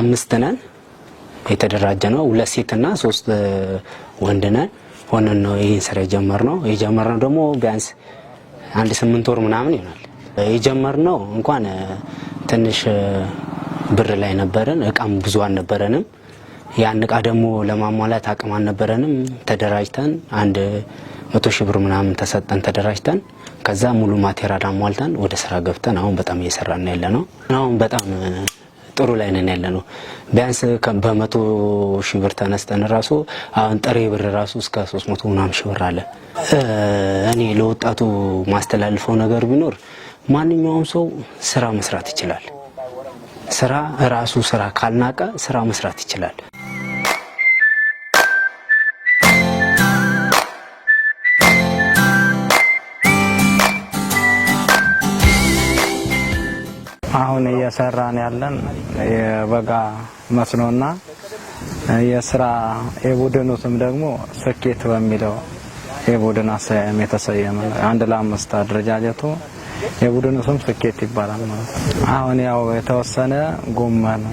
አምስት ነን የተደራጀ ነው። ሁለት ሴትና ሶስት ወንድ ነን ሆነን ነው ይህን ስራ የጀመርነው። የጀመርነው ደግሞ ቢያንስ አንድ ስምንት ወር ምናምን ይሆናል። የጀመርነው እንኳን ትንሽ ብር ላይ ነበረን። እቃም ብዙ አልነበረንም። ያን እቃ ደግሞ ለማሟላት አቅም አልነበረንም። ተደራጅተን አንድ መቶ ሺህ ብር ምናምን ተሰጠን ተደራጅተን። ከዛ ሙሉ ማቴሪያል አሟልተን ወደ ስራ ገብተን አሁን በጣም እየሰራን ያለ ነው። አሁን በጣም ጥሩ ላይ ነን ያለ ነው። ቢያንስ በመቶ ሺህ ብር ተነስተን ራሱ አሁን ጥሬ ብር ራሱ እስከ ሶስት መቶ ምናምን ሺ ብር አለ። እኔ ለወጣቱ ማስተላልፈው ነገር ቢኖር ማንኛውም ሰው ስራ መስራት ይችላል። ስራ ራሱ ስራ ካልናቀ ስራ መስራት ይችላል። አሁን እየሰራን ያለን የበጋ መስኖና የስራ ስም ደግሞ ስኬት በሚለው የቡድን አሰያየም የተሰየመ አንድ ለአምስት አደረጃጀቱ የቡድኑ ስም ስኬት ይባላል ማለት ነው። አሁን ያው የተወሰነ ጎመን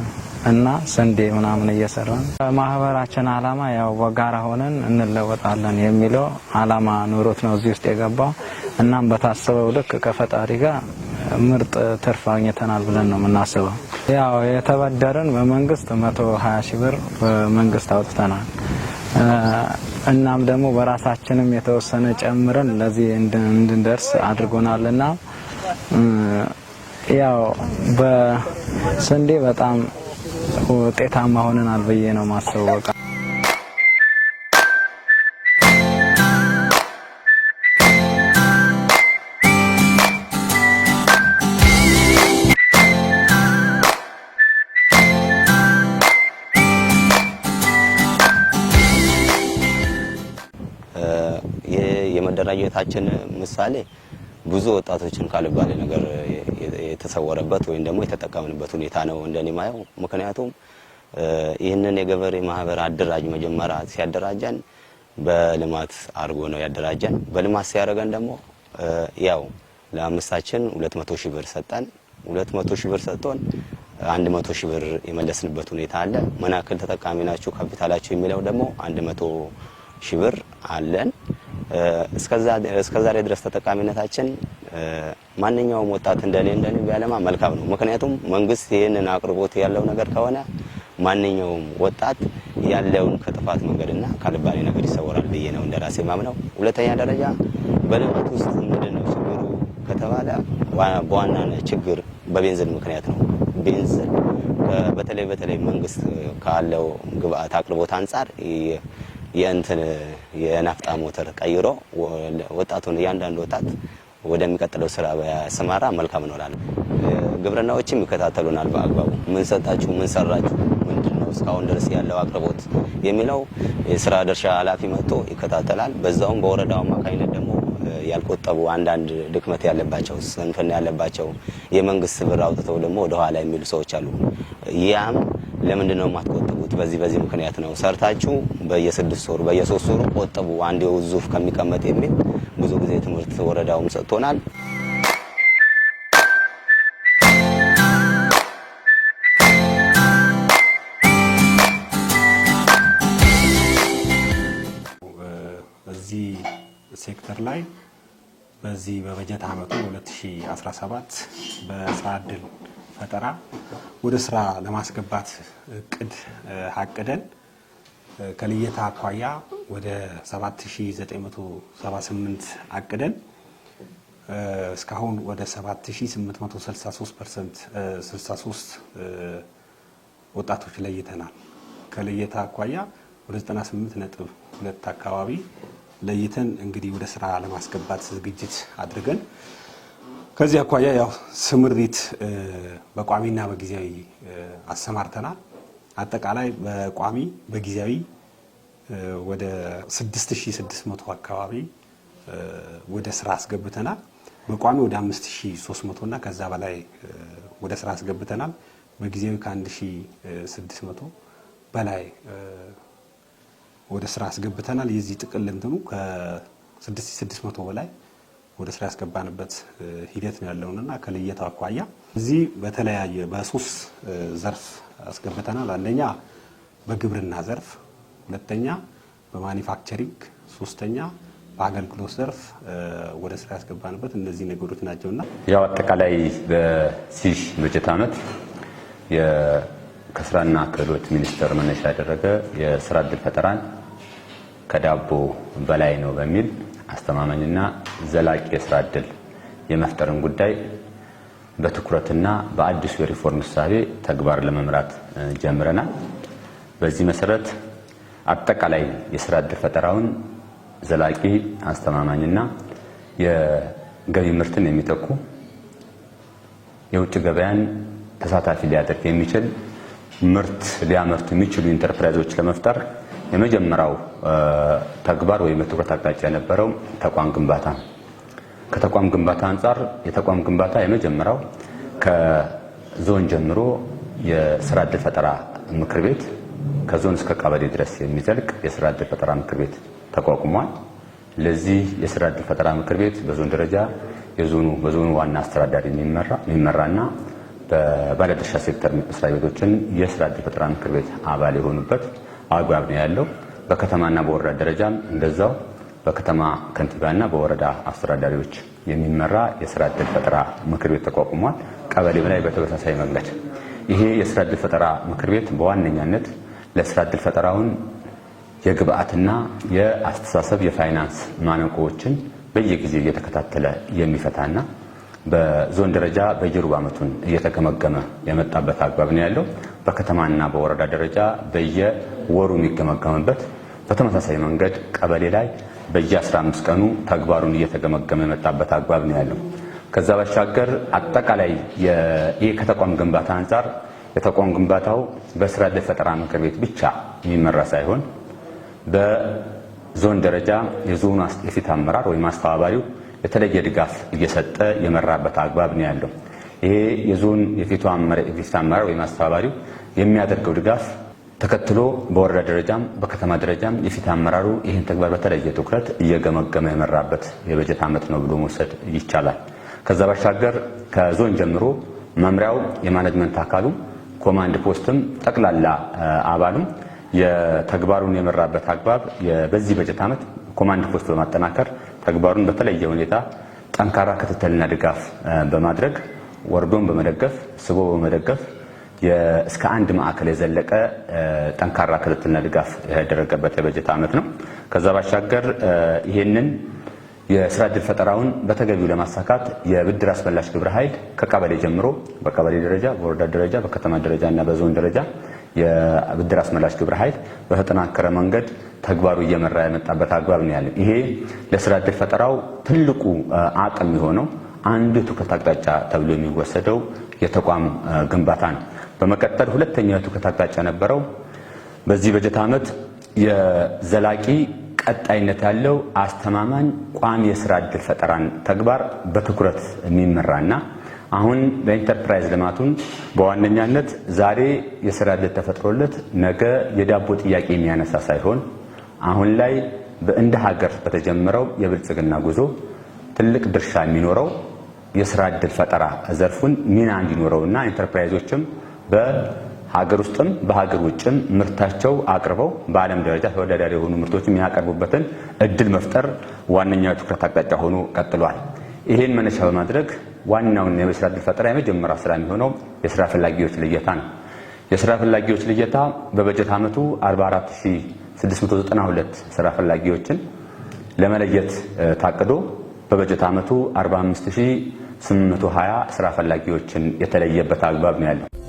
እና ስንዴ ምናምን እየሰራን ማህበራችን አላማ ያው በጋራ ሆነን እንለወጣለን የሚለው አላማ ኑሮት ነው እዚህ ውስጥ የገባው። እናም በታሰበው ልክ ከፈጣሪ ጋር ምርጥ ትርፍ አግኝተናል ብለን ነው የምናስበው። ያው የተበደርን በመንግስት መቶ ሀያ ሺህ ብር በመንግስት አውጥተናል። እናም ደግሞ በራሳችንም የተወሰነ ጨምረን ለዚህ እንድንደርስ አድርጎናል ና ያው በስንዴ በጣም ውጤታማ ሆነናል ብዬ ነው ማስበው። የመደራጀታችን ምሳሌ ብዙ ወጣቶችን ካልባሌ ነገር የተሰወረበት ወይም ደግሞ የተጠቀምንበት ሁኔታ ነው እንደኔ ማየው። ምክንያቱም ይህንን የገበሬ ማህበር አደራጅ መጀመሪያ ሲያደራጀን በልማት አድርጎ ነው ያደራጀን። በልማት ሲያደርገን ደግሞ ያው ለአምስታችን 200 ሺህ ብር ሰጠን። 200 ሺህ ብር ሰጥቶን 100 ሺህ ብር የመለስንበት ሁኔታ አለ። ምን ያክል ተጠቃሚ ናችሁ ካፒታላችሁ የሚለው ደግሞ 100 ሺህ ብር አለን። እስከዛሬ ድረስ ተጠቃሚነታችን ማንኛውም ወጣት እንደኔ እንደኔ ቢያለማ መልካም ነው። ምክንያቱም መንግስት ይህንን አቅርቦት ያለው ነገር ከሆነ ማንኛውም ወጣት ያለውን ከጥፋት መንገድና ካልባሌ ነገር ይሰወራል ብዬ ነው እንደራሴ ማምነው። ሁለተኛ ደረጃ በልማት ውስጥ ምንድን ነው ችግሩ ከተባለ በዋና ችግር በቤንዚን ምክንያት ነው። ቤንዚን በተለይ በተለይ መንግስት ካለው ግብአት አቅርቦት አንጻር የእንትን የናፍጣ ሞተር ቀይሮ ወጣቱን እያንዳንዱ ወጣት ወደሚቀጥለው ስራ በስማራ መልካም ኖራል። ግብርናዎችም ይከታተሉናል በአግባቡ ምን ሰጣችሁ፣ ምን ሰራችሁ፣ ምንድነው እስካሁን ድረስ ያለው አቅርቦት የሚለው የስራ ድርሻ ኃላፊ መጥቶ ይከታተላል። በዛውም በወረዳው አማካኝነት ደግሞ ያልቆጠቡ አንዳንድ ድክመት ያለባቸው ስንፍና ያለባቸው የመንግስት ብር አውጥተው ደግሞ ወደኋላ የሚሉ ሰዎች አሉ። ያም ለምንድነው ማትቆጥ የምትቆጥቡት በዚህ በዚህ ምክንያት ነው። ሰርታችሁ በየስድስት ወሩ በየሶስት ወሩ ቆጥቡ አንድ ዙፍ ከሚቀመጥ የሚል ብዙ ጊዜ ትምህርት ወረዳውም ሰጥቶናል። በዚህ ሴክተር ላይ በዚህ በበጀት አመቱ 2017 በስራ ዕድል ፈጠራ ወደ ስራ ለማስገባት እቅድ አቅደን ከልየታ አኳያ ወደ 7978 አቅደን እስካሁን ወደ 7863 ወጣቶች ለይተናል። ከልየታ አኳያ ወደ 98 ነጥብ ሁለት አካባቢ ለይተን እንግዲህ ወደ ስራ ለማስገባት ዝግጅት አድርገን ከዚህ አኳያ ያው ስምሪት በቋሚና በጊዜያዊ አሰማርተናል። አጠቃላይ በቋሚ በጊዜያዊ ወደ 6600 አካባቢ ወደ ስራ አስገብተናል። በቋሚ ወደ 5300 እና ከዛ በላይ ወደ ስራ አስገብተናል። በጊዜያዊ ከ1600 በላይ ወደ ስራ አስገብተናል። የዚህ ጥቅል እንትኑ ከ6600 በላይ ወደ ስራ ያስገባንበት ሂደት ነው ያለውንና ከልየት አኳያ እዚህ በተለያየ በሶስት ዘርፍ አስገብተናል። አንደኛ በግብርና ዘርፍ፣ ሁለተኛ በማኒፋክቸሪንግ፣ ሶስተኛ በአገልግሎት ዘርፍ ወደ ስራ ያስገባንበት እነዚህ ነገሮች ናቸውና ያው አጠቃላይ በዚህ በጀት ዓመት ከስራና ክህሎት ሚኒስቴር መነሻ ያደረገ የስራ እድል ፈጠራን ከዳቦ በላይ ነው በሚል አስተማማኝና ዘላቂ የስራ እድል የመፍጠርን ጉዳይ በትኩረትና በአዲሱ የሪፎርም እሳቤ ተግባር ለመምራት ጀምረናል። በዚህ መሰረት አጠቃላይ የስራ እድል ፈጠራውን ዘላቂ አስተማማኝና የገቢ ምርትን የሚተኩ የውጭ ገበያን ተሳታፊ ሊያደርግ የሚችል ምርት ሊያመርቱ የሚችሉ ኢንተርፕራይዞች ለመፍጠር የመጀመሪያው ተግባር ወይም የትኩረት አቅጣጫ የነበረው ተቋም ግንባታ ነው። ከተቋም ግንባታ አንጻር የተቋም ግንባታ የመጀመሪያው ከዞን ጀምሮ የስራ ዕድል ፈጠራ ምክር ቤት ከዞን እስከ ቀበሌ ድረስ የሚዘልቅ የስራ ዕድል ፈጠራ ምክር ቤት ተቋቁሟል። ለዚህ የስራ ዕድል ፈጠራ ምክር ቤት በዞን ደረጃ የዞኑ በዞኑ ዋና አስተዳዳሪ የሚመራና በባለድርሻ ሴክተር መስሪያ ቤቶችን የስራ ዕድል ፈጠራ ምክር ቤት አባል የሆኑበት አግባብ ነው ያለው። በከተማና በወረዳ ደረጃም እንደዛው በከተማ ከንቲባና በወረዳ አስተዳዳሪዎች የሚመራ የስራ እድል ፈጠራ ምክር ቤት ተቋቁሟል። ቀበሌ ላይ በተመሳሳይ መንገድ ይሄ የስራ እድል ፈጠራ ምክር ቤት በዋነኛነት ለስራ እድል ፈጠራውን የግብአትና የአስተሳሰብ የፋይናንስ ማነቆዎችን በየጊዜው እየተከታተለ የሚፈታና በዞን ደረጃ በየሩብ ዓመቱን እየተገመገመ የመጣበት አግባብ ነው ያለው። በከተማና በወረዳ ደረጃ በየወሩ የሚገመገምበት በተመሳሳይ መንገድ ቀበሌ ላይ በየ15 ቀኑ ተግባሩን እየተገመገመ የመጣበት አግባብ ነው ያለው። ከዛ ባሻገር አጠቃላይ ይህ ከተቋም ግንባታ አንጻር የተቋም ግንባታው በስራ ዕድል ፈጠራ ምክር ቤት ብቻ የሚመራ ሳይሆን በዞን ደረጃ የዞኑ የፊት አመራር ወይም አስተባባሪው የተለየ ድጋፍ እየሰጠ የመራበት አግባብ ነው ያለው። ይሄ የዞን የፊቱ አመራር ወይም አስተባባሪው የሚያደርገው ድጋፍ ተከትሎ በወረዳ ደረጃም በከተማ ደረጃም የፊት አመራሩ ይህን ተግባር በተለየ ትኩረት እየገመገመ የመራበት የበጀት ዓመት ነው ብሎ መውሰድ ይቻላል። ከዛ ባሻገር ከዞን ጀምሮ መምሪያው፣ የማኔጅመንት አካሉ፣ ኮማንድ ፖስትም ጠቅላላ አባሉም የተግባሩን የመራበት አግባብ በዚህ በጀት ዓመት ኮማንድ ፖስት በማጠናከር ተግባሩን በተለየ ሁኔታ ጠንካራ ክትትልና ድጋፍ በማድረግ ወርዶን በመደገፍ ስቦ በመደገፍ እስከ አንድ ማዕከል የዘለቀ ጠንካራ ክትትልና ድጋፍ ያደረገበት የበጀት ዓመት ነው። ከዛ ባሻገር ይህንን የስራ ዕድል ፈጠራውን በተገቢው ለማሳካት የብድር አስመላሽ ግብረ ኃይል ከቀበሌ ጀምሮ በቀበሌ ደረጃ፣ በወረዳ ደረጃ፣ በከተማ ደረጃ እና በዞን ደረጃ የብድር አስመላሽ ግብረ ኃይል በተጠናከረ መንገድ ተግባሩ እየመራ የመጣበት አግባብ ነው ያለ። ይሄ ለስራ ዕድል ፈጠራው ትልቁ አቅም የሆነው አንዱ የትኩረት አቅጣጫ ተብሎ የሚወሰደው የተቋም ግንባታ ነው። በመቀጠል ሁለተኛው የትኩረት አቅጣጫ ነበረው በዚህ በጀት ዓመት የዘላቂ ቀጣይነት ያለው አስተማማኝ ቋሚ የስራ ዕድል ፈጠራን ተግባር በትኩረት የሚመራና አሁን በኢንተርፕራይዝ ልማቱን በዋነኛነት ዛሬ የስራ ዕድል ተፈጥሮለት ነገ የዳቦ ጥያቄ የሚያነሳ ሳይሆን አሁን ላይ እንደ ሀገር በተጀመረው የብልጽግና ጉዞ ትልቅ ድርሻ የሚኖረው የስራ እድል ፈጠራ ዘርፉን ሚና እንዲኖረውና ኢንተርፕራይዞችም በሀገር ውስጥም በሀገር ውጭም ምርታቸው አቅርበው በዓለም ደረጃ ተወዳዳሪ የሆኑ ምርቶች የሚያቀርቡበትን እድል መፍጠር ዋነኛው ትኩረት አቅጣጫ ሆኖ ቀጥሏል። ይህን መነሻ በማድረግ ዋናውና የስራ እድል ፈጠራ የመጀመሪያ ስራ የሚሆነው የስራ ፈላጊዎች ልየታ ነው። የስራ ፈላጊዎች ልየታ በበጀት ዓመቱ 44692 ስራ ፈላጊዎችን ለመለየት ታቅዶ በበጀት ዓመቱ 45820 ስራ ፈላጊዎችን የተለየበት አግባብ ነው ያለው።